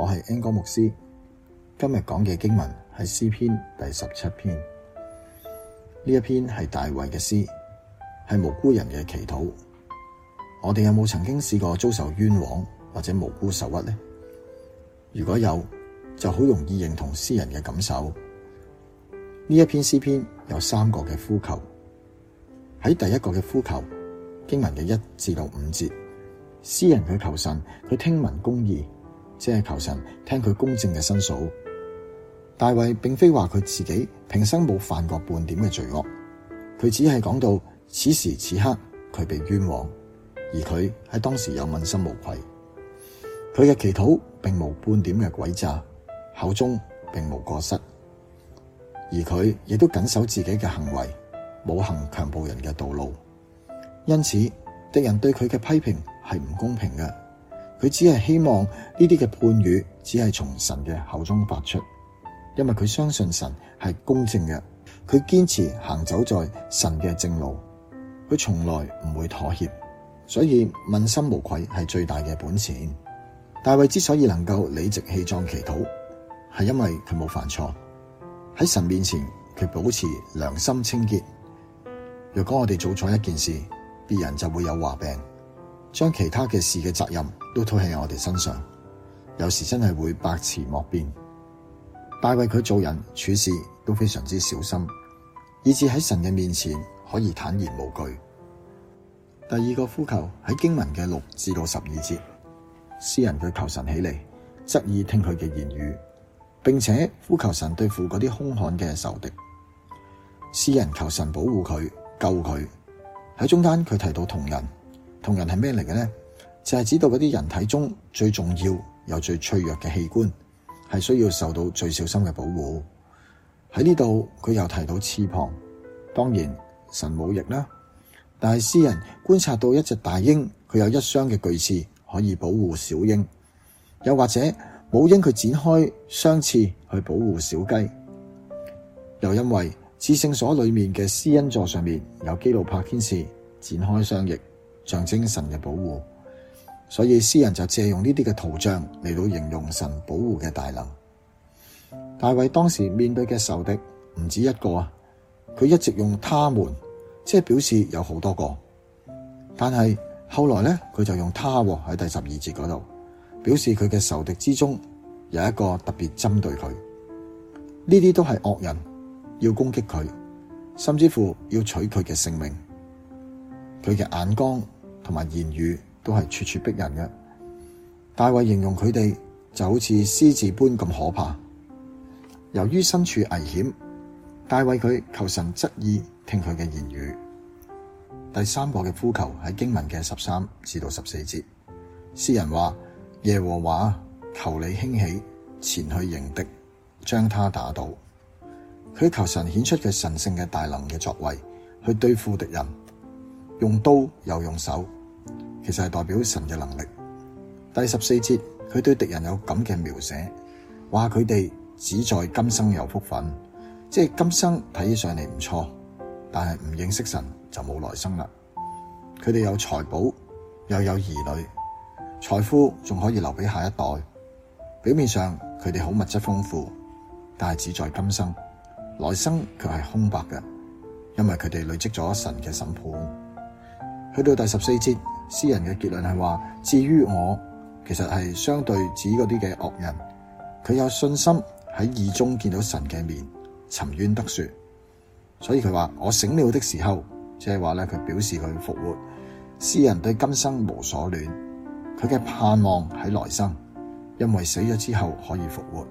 我係英哥牧師，今日講嘅經文係詩篇第十七篇。呢一篇係大衛嘅詩，係無辜人嘅祈禱。我哋有冇曾經試過遭受冤枉或者無辜受屈呢？如果有，就好容易認同詩人嘅感受。呢一篇詩篇有三個嘅呼求。喺第一個嘅呼求，經文嘅一至到五節，詩人去求神，去聽聞公義。即係求神聽佢公正嘅申訴。大衛並非話佢自己平生冇犯過半點嘅罪惡，佢只係講到此時此刻佢被冤枉，而佢喺當時又問心無愧。佢嘅祈禱並無半點嘅詭詐，口中並無過失，而佢亦都謹守自己嘅行為，冇行強暴人嘅道路。因此，敵人對佢嘅批評係唔公平嘅。佢只係希望呢啲嘅判語只係從神嘅口中發出，因為佢相信神係公正嘅，佢堅持行走，走在神嘅正路，佢從來唔會妥協，所以問心無愧係最大嘅本錢。大衛之所以能夠理直氣壯祈禱，係因為佢冇犯錯，喺神面前佢保持良心清潔。若果我哋做錯一件事，別人就會有話柄。將其他嘅事嘅責任都推喺我哋身上，有時真係會百詞莫辯。大衛佢做人處事都非常之小心，以至喺神嘅面前可以坦然無懼。第二個呼求喺經文嘅六至到十二節，詩人佢求神起嚟，側耳聽佢嘅言語，並且呼求神對付嗰啲兇悍嘅仇敵。詩人求神保護佢、救佢。喺中間佢提到瞳人。瞳人係咩嚟嘅呢？就係、是、指到嗰啲人體中最重要又最脆弱嘅器官，係需要受到最小心嘅保護。喺呢度佢又提到翅膀，當然神冇翼啦。但係詩人觀察到一隻大鷹，佢有一雙嘅巨翅可以保護小鷹；又或者母鷹佢展開雙翅去保護小雞。又因為至聖所裏面嘅施恩座上面有基路伯天使展開雙翼。象徵神嘅保護，所以詩人就借用呢啲嘅圖像嚟到形容神保護嘅大能。大衛當時面對嘅仇敵唔止一個啊，佢一直用他們，即係表示有好多個。但係後來呢，佢就用他喺第十二節嗰度，表示佢嘅仇敵之中有一個特別針對佢。呢啲都係惡人，要攻擊佢，甚至乎要取佢嘅性命。佢嘅眼光。同埋言語都係咄咄逼人嘅，大衛形容佢哋就好似獅子般咁可怕。由於身處危險，大衛佢求神側耳聽佢嘅言語。第三個嘅呼求喺經文嘅十三至到十四節，詩人話，耶和華求你興起，前去迎敵，將他打倒。佢求神顯出嘅神聖嘅大能嘅作為，去對付敵人，用刀又用手。其實係代表神嘅能力。第十四節，佢對敵人有咁嘅描寫，話佢哋只在今生有福分，即係今生睇起上嚟唔錯，但係唔認識神就冇來生啦。佢哋有財寶，又有兒女，財富仲可以留俾下一代。表面上佢哋好物質豐富，但係只在今生，來生卻係空白嘅，因為佢哋累積咗神嘅審判。去到第十四節。詩人嘅結論係話：至於我，其實係相對指嗰啲嘅惡人，佢有信心喺意中見到神嘅面，沉冤得雪。所以佢話我醒了的時候，即係話咧，佢表示佢復活。詩人對今生無所戀，佢嘅盼望喺來生，因為死咗之後可以復活，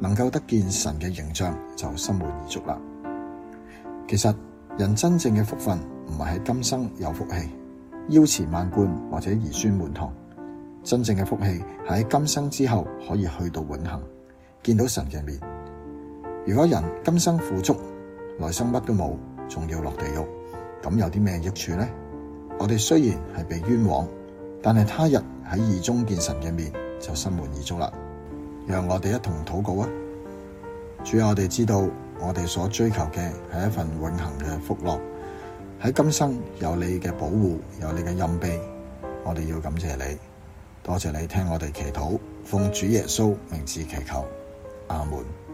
能夠得見神嘅形象就心滿意足啦。其實人真正嘅福分唔係喺今生有福氣腰纏萬貫或者兒孫滿堂，真正嘅福氣係喺今生之後可以去到永恆，見到神嘅面。如果人今生富足，來生乜都冇，仲要落地獄，咁有啲咩益處呢？我哋雖然係被冤枉，但係他日喺義中見神嘅面，就心滿意足啦。讓我哋一同禱告啊！主，要我哋知道我哋所追求嘅係一份永恆嘅福樂。喺今生有你嘅保護，有你嘅蔭庇，我哋要感謝你，多謝你聽我哋祈禱，奉主耶穌名字祈求，阿門。